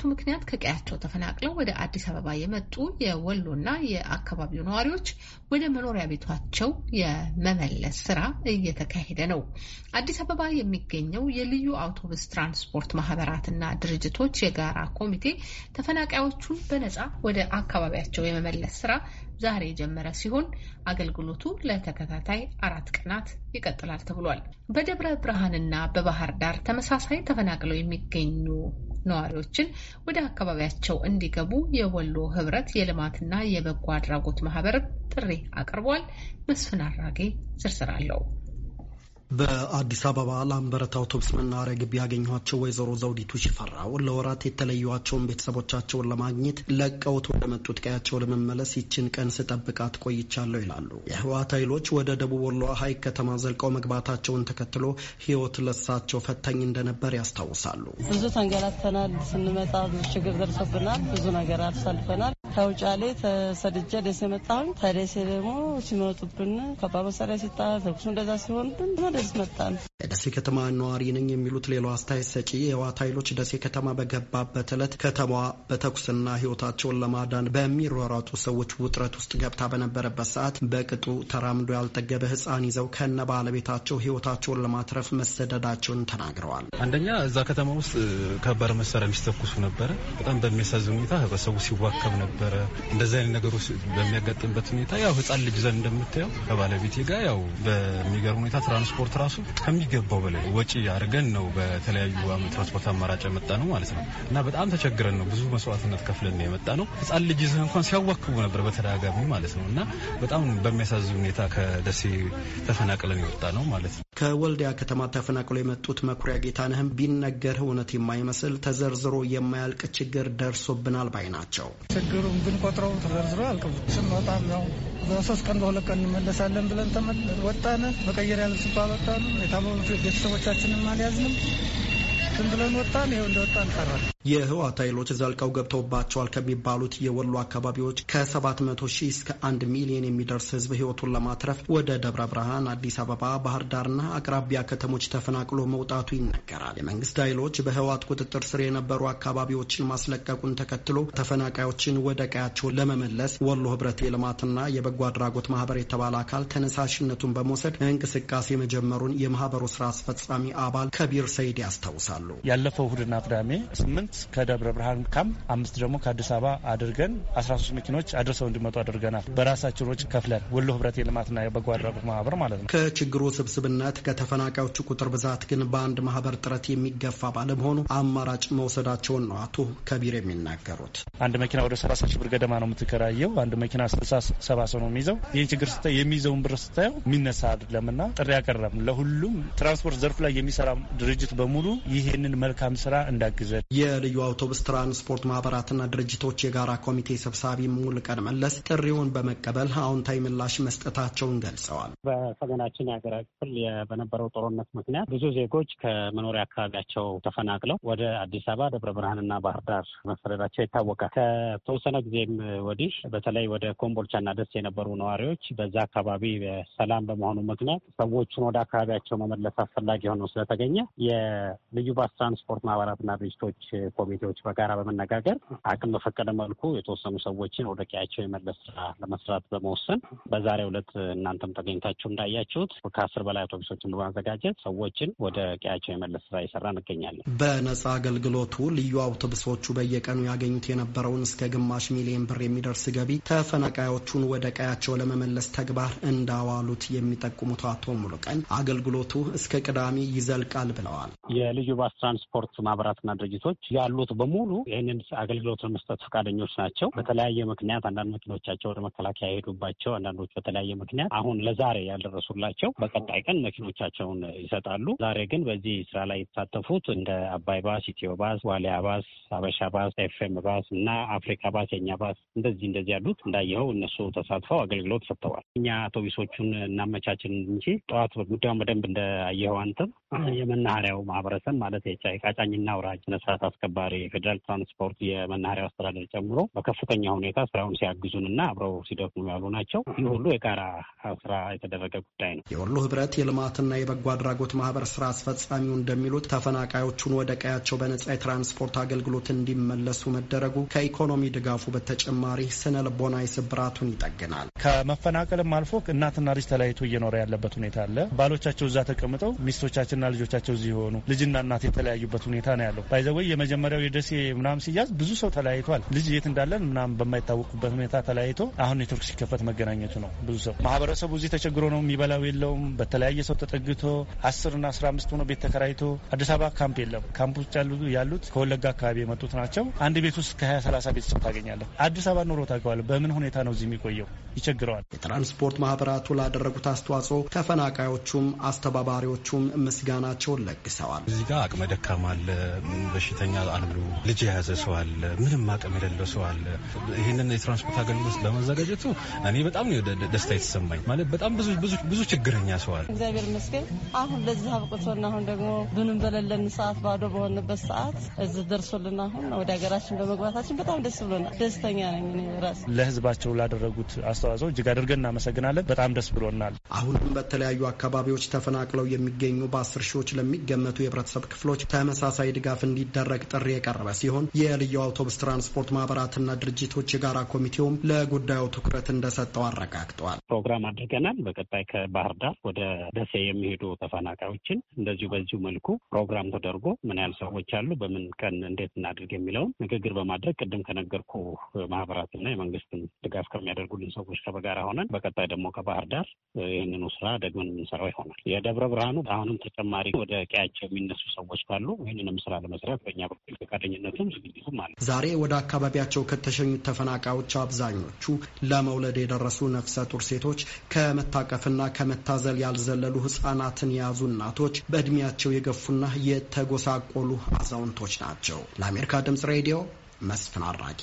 በጦርነቱ ምክንያት ከቀያቸው ተፈናቅለው ወደ አዲስ አበባ የመጡ የወሎና የአካባቢው ነዋሪዎች ወደ መኖሪያ ቤቷቸው የመመለስ ስራ እየተካሄደ ነው። አዲስ አበባ የሚገኘው የልዩ አውቶቡስ ትራንስፖርት ማህበራትና ድርጅቶች የጋራ ኮሚቴ ተፈናቃዮቹን በነጻ ወደ አካባቢያቸው የመመለስ ስራ ዛሬ የጀመረ ሲሆን አገልግሎቱ ለተከታታይ አራት ቀናት ይቀጥላል ተብሏል። በደብረ ብርሃንና በባህር ዳር ተመሳሳይ ተፈናቅለው የሚገኙ ነዋሪዎችን ወደ አካባቢያቸው እንዲገቡ የወሎ ህብረት የልማትና የበጎ አድራጎት ማህበር ጥሪ አቅርቧል። መስፍን አራጌ ዝርዝር አለው። በአዲስ አበባ ላምበረት አውቶብስ መናኸሪያ ግቢ ያገኘኋቸው ወይዘሮ ዘውዲቱ ሽፈራው ለወራት የተለዩዋቸውን ቤተሰቦቻቸውን ለማግኘት ለቀውት ወደ መጡት ቀያቸው ለመመለስ ይችን ቀን ስጠብቃት ቆይቻለሁ ይላሉ። የህወሓት ኃይሎች ወደ ደቡብ ወሎ ሀይቅ ከተማ ዘልቀው መግባታቸውን ተከትሎ ህይወት ለሳቸው ፈታኝ እንደነበር ያስታውሳሉ። ብዙ ተንገላተናል። ስንመጣ ብዙ ችግር ደርሶብናል። ብዙ ነገር አሳልፈናል። ውጫሌ ተሰድጀ ደሴ መጣሁኝ። ተደሴ ደግሞ ሲመጡብን ከባድ መሳሪያ ሲጣ ተኩሱ እንደዛ ሲሆንብን ደስ መጣን። የደሴ ከተማ ነዋሪ ነኝ የሚሉት ሌላው አስተያየት ሰጪ የህወሓት ኃይሎች ደሴ ከተማ በገባበት ዕለት ከተማዋ በተኩስና ህይወታቸውን ለማዳን በሚሯሯጡ ሰዎች ውጥረት ውስጥ ገብታ በነበረበት ሰዓት በቅጡ ተራምዶ ያልጠገበ ህፃን ይዘው ከነ ባለቤታቸው ህይወታቸውን ለማትረፍ መሰደዳቸውን ተናግረዋል። አንደኛ እዛ ከተማ ውስጥ ከባድ መሳሪያ የሚስተኩሱ ነበረ። በጣም በሚያሳዝን ሁኔታ ህብረተሰቡ ሲዋከብ ነበር። ነበረ። እንደዚህ አይነት ነገሮች በሚያጋጥምበት ሁኔታ ያው ህጻን ልጅ ዘንድ እንደምታየው ከባለቤቴ ጋር ያው በሚገርም ሁኔታ ትራንስፖርት ራሱ ከሚገባው በላይ ወጪ አድርገን ነው በተለያዩ ትራንስፖርት አማራጭ የመጣ ነው ማለት ነው እና በጣም ተቸግረን ነው ብዙ መስዋዕትነት ከፍለን የመጣ ነው። ህጻን ልጅ ይዘህ እንኳን ሲያዋክቡ ነበር በተደጋጋሚ ማለት ነው እና በጣም በሚያሳዝን ሁኔታ ከደሴ ተፈናቅለን የወጣ ነው ማለት ነው። ከወልዲያ ከተማ ተፈናቅለው የመጡት መኩሪያ ጌታነህም ቢነገርህ እውነት የማይመስል ተዘርዝሮ የማያልቅ ችግር ደርሶብናል ባይ ናቸው። ችግሩ ብንቆጥረው ተዘርዝሮ አልቅም። ስንወጣም ያው በሶስት ቀን በሁለት ቀን እንመለሳለን ብለን ወጣነ። መቀየር ልብስ እንኳ አልወጣንም። የታመሙ ቤተሰቦቻችንም አልያዝንም። ዝም ብለን ወጣን። ይኸው እንደወጣን ቀረን። የህወሓት ኃይሎች ዘልቀው ገብተውባቸዋል ከሚባሉት የወሎ አካባቢዎች ከ700 ሺህ እስከ 1 ሚሊዮን የሚደርስ ህዝብ ህይወቱን ለማትረፍ ወደ ደብረ ብርሃን፣ አዲስ አበባ፣ ባህር ዳርና አቅራቢያ ከተሞች ተፈናቅሎ መውጣቱ ይነገራል። የመንግስት ኃይሎች በህወሓት ቁጥጥር ስር የነበሩ አካባቢዎችን ማስለቀቁን ተከትሎ ተፈናቃዮችን ወደ ቀያቸው ለመመለስ ወሎ ህብረት የልማትና የበጎ አድራጎት ማህበር የተባለ አካል ተነሳሽነቱን በመውሰድ እንቅስቃሴ መጀመሩን የማህበሩ ስራ አስፈጻሚ አባል ከቢር ሰይድ ያስታውሳሉ። ይኖራሉ። ያለፈው እሁድና ቅዳሜ ስምንት ከደብረ ብርሃን ካምፕ አምስት ደግሞ ከአዲስ አበባ አድርገን አስራ ሶስት መኪኖች አድርሰው እንዲመጡ አድርገናል። በራሳችን ወጪ ከፍለን ወሎ ህብረት የልማትና የበጎ አድራጎት ማህበር ማለት ነው። ከችግሩ ስብስብነት ከተፈናቃዮቹ ቁጥር ብዛት ግን በአንድ ማህበር ጥረት የሚገፋ ባለመሆኑ አማራጭ መውሰዳቸውን ነው አቶ ከቢር የሚናገሩት። አንድ መኪና ወደ ሰላሳ ሺህ ብር ገደማ ነው የምትከራየው። አንድ መኪና ስልሳ ሰባ ሰው ነው የሚይዘው። ይህን ችግር ስታየው የሚይዘውን ብር ስታየው የሚነሳ አይደለምና ጥሪ ያቀረብን ለሁሉም ትራንስፖርት ዘርፍ ላይ የሚሰራ ድርጅት በሙሉ ይሄ ይህንን መልካም ስራ እንዳግዘን። የልዩ አውቶቡስ ትራንስፖርት ማህበራትና ድርጅቶች የጋራ ኮሚቴ ሰብሳቢ ሙሉቀን መለስ ጥሪውን በመቀበል አዎንታዊ ምላሽ መስጠታቸውን ገልጸዋል። በሰሜናችን የሀገራ ክፍል በነበረው ጦርነት ምክንያት ብዙ ዜጎች ከመኖሪያ አካባቢያቸው ተፈናቅለው ወደ አዲስ አበባ፣ ደብረ ብርሃንና ባህር ዳር መሰደዳቸው ይታወቃል። ከተወሰነ ጊዜም ወዲህ በተለይ ወደ ኮምቦልቻና ደስ የነበሩ ነዋሪዎች በዛ አካባቢ ሰላም በመሆኑ ምክንያት ሰዎቹን ወደ አካባቢያቸው መመለስ አስፈላጊ ሆኖ ስለተገኘ የልዩ ባስ ትራንስፖርት ማህበራትና ድርጅቶች ኮሚቴዎች በጋራ በመነጋገር አቅም በፈቀደ መልኩ የተወሰኑ ሰዎችን ወደ ቀያቸው የመለስ ስራ ለመስራት በመወሰን በዛሬው ዕለት እናንተም ተገኝታችሁ እንዳያችሁት ከአስር በላይ አውቶቡሶችን በማዘጋጀት ሰዎችን ወደ ቀያቸው የመለስ ስራ እየሰራ እንገኛለን። በነጻ አገልግሎቱ ልዩ አውቶቡሶቹ በየቀኑ ያገኙት የነበረውን እስከ ግማሽ ሚሊዮን ብር የሚደርስ ገቢ ተፈናቃዮቹን ወደ ቀያቸው ለመመለስ ተግባር እንዳዋሉት የሚጠቁሙት አቶ ሙሉቀን አገልግሎቱ እስከ ቅዳሜ ይዘልቃል ብለዋል። የልዩ ባስ ትራንስፖርት ማህበራትና ድርጅቶች ያሉት በሙሉ ይህንን አገልግሎት ለመስጠት ፈቃደኞች ናቸው። በተለያየ ምክንያት አንዳንድ መኪኖቻቸው ወደ መከላከያ የሄዱባቸው፣ አንዳንዶች በተለያየ ምክንያት አሁን ለዛሬ ያልደረሱላቸው በቀጣይ ቀን መኪኖቻቸውን ይሰጣሉ። ዛሬ ግን በዚህ ስራ ላይ የተሳተፉት እንደ አባይ ባስ፣ ኢትዮ ባስ፣ ዋሊያ ባስ፣ አበሻ ባስ፣ ኤፍኤም ባስ እና አፍሪካ ባስ፣ የኛ ባስ እንደዚህ እንደዚህ ያሉት እንዳየኸው እነሱ ተሳትፈው አገልግሎት ሰጥተዋል። እኛ አውቶቡሶቹን እናመቻችን እንጂ ጠዋት ጉዳዩን በደንብ እንዳየኸው አንተም የመናኸሪያው ማህበረሰብ ማለት ማለት የቃጫኝና አውራጅ ነስርዓት አስከባሪ የፌዴራል ትራንስፖርት የመናኸሪያ አስተዳደር ጨምሮ በከፍተኛ ሁኔታ ስራውን ሲያግዙንና አብረው ሲደክሙ ያሉ ናቸው። ይህ ሁሉ የጋራ ስራ የተደረገ ጉዳይ ነው። የወሎ ህብረት የልማትና የበጎ አድራጎት ማህበር ስራ አስፈጻሚው እንደሚሉት ተፈናቃዮቹን ወደ ቀያቸው በነጻ የትራንስፖርት አገልግሎት እንዲመለሱ መደረጉ ከኢኮኖሚ ድጋፉ በተጨማሪ ስነ ልቦናዊ ስብራቱን ይጠግናል። ከመፈናቀልም አልፎ እናትና ልጅ ተለያይቶ እየኖረ ያለበት ሁኔታ አለ። ባሎቻቸው እዛ ተቀምጠው ሚስቶቻችንና ልጆቻቸው እዚህ የሆኑ ልጅና እናት የተለያዩበት ሁኔታ ነው ያለው። ባይዘወይ የመጀመሪያው የደሴ ምናምን ሲያዝ ብዙ ሰው ተለያይቷል። ልጅ የት እንዳለን ምናምን በማይታወቁበት ሁኔታ ተለያይቶ አሁን ኔትወርክ ሲከፈት መገናኘቱ ነው። ብዙ ሰው ማህበረሰቡ እዚህ ተቸግሮ ነው የሚበላው የለውም። በተለያየ ሰው ተጠግቶ አስርና አስራ አምስት ሆኖ ቤት ተከራይቶ አዲስ አበባ ካምፕ የለም። ካምፕ ውስጥ ያሉት ከወለጋ አካባቢ የመጡት ናቸው። አንድ ቤት ውስጥ ከሀያ ሰላሳ ቤተሰብ ታገኛለህ። አዲስ አበባ ኑሮ ታውቀዋለህ። በምን ሁኔታ ነው እዚህ የሚቆየው? ይቸግረዋል። የትራንስፖርት ማህበራቱ ላደረጉት አስተዋጽኦ ተፈናቃዮቹም አስተባባሪዎቹም ምስጋናቸውን ለግሰዋል። እዚህ ጋር አቅመ ደካማ አለ፣ በሽተኛ አሉ፣ ልጅ የያዘ ሰው አለ፣ ምንም አቅም የሌለው ሰው አለ። ይህንን የትራንስፖርት አገልግሎት በመዘጋጀቱ እኔ በጣም ደስታ የተሰማኝ ማለት በጣም ብዙ ችግረኛ ሰው አለ። እግዚአብሔር ይመስገን አሁን ለዚህ አብቅቶና አሁን ደግሞ ብንም በሌለን ሰዓት ባዶ በሆንበት ሰዓት እዚህ ደርሶልን አሁን ወደ ሀገራችን በመግባታችን በጣም ደስ ብሎናል። ደስተኛ ነኝ ራሴ። ለህዝባቸው ላደረጉት አስተዋጽኦ እጅግ አድርገን እናመሰግናለን። በጣም ደስ ብሎናል። አሁንም በተለያዩ አካባቢዎች ተፈናቅለው የሚገኙ በአስር ሺዎች ለሚገመቱ የህብረተሰብ ክፍል ክፍሎች ተመሳሳይ ድጋፍ እንዲደረግ ጥሪ የቀረበ ሲሆን የልዩ አውቶቡስ ትራንስፖርት ማህበራትና ድርጅቶች የጋራ ኮሚቴውም ለጉዳዩ ትኩረት እንደሰጠው አረጋግጠዋል። ፕሮግራም አድርገናል። በቀጣይ ከባህር ዳር ወደ ደሴ የሚሄዱ ተፈናቃዮችን እንደዚሁ በዚሁ መልኩ ፕሮግራም ተደርጎ ምን ያህል ሰዎች አሉ፣ በምን ቀን እንዴት እናድርግ የሚለውን ንግግር በማድረግ ቅድም ከነገርኩ ማህበራትና የመንግስትን ድጋፍ ከሚያደርጉልን ሰዎች ከበጋራ ሆነን በቀጣይ ደግሞ ከባህር ዳር ይህንኑ ስራ ደግመን የምንሰራው ይሆናል። የደብረ ብርሃኑ አሁንም ተጨማሪ ወደ ቀያቸው የሚነሱ ሰዎች ፍላጎቶች ካሉ ይህንንም ስራ ለመስራት በእኛ በኩል ፈቃደኝነትም ዝግጅቱም አለ። ዛሬ ወደ አካባቢያቸው ከተሸኙት ተፈናቃዮች አብዛኞቹ ለመውለድ የደረሱ ነፍሰ ጡር ሴቶች፣ ከመታቀፍና ከመታዘል ያልዘለሉ ህጻናትን የያዙ እናቶች፣ በእድሜያቸው የገፉና የተጎሳቆሉ አዛውንቶች ናቸው። ለአሜሪካ ድምጽ ሬዲዮ መስፍን አራጌ